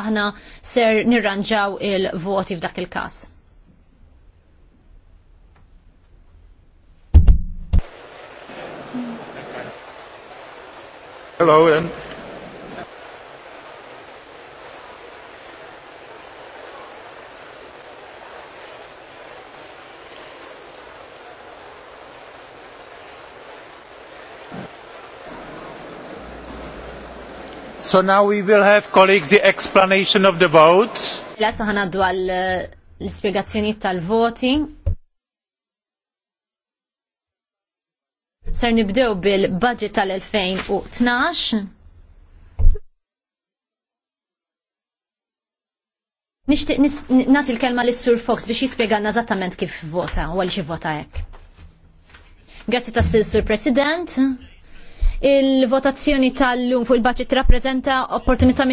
aħna ser nirranġaw il-voti f'dak il-każ. Hello, and So now we will have colleagues the explanation of the votes. Lesa ħana għal eh, l spiegazzjoni tal-voti. Ser nibdew bil-budget tal-2012. Nishtiq nagħti l-kelma lis sur Fox biex jispjegana eżattament kif vota u għal xi vota hekk. Grazzi tas-Sur President il-votazzjoni tal-lum fuq il-budget rappresenta opportunità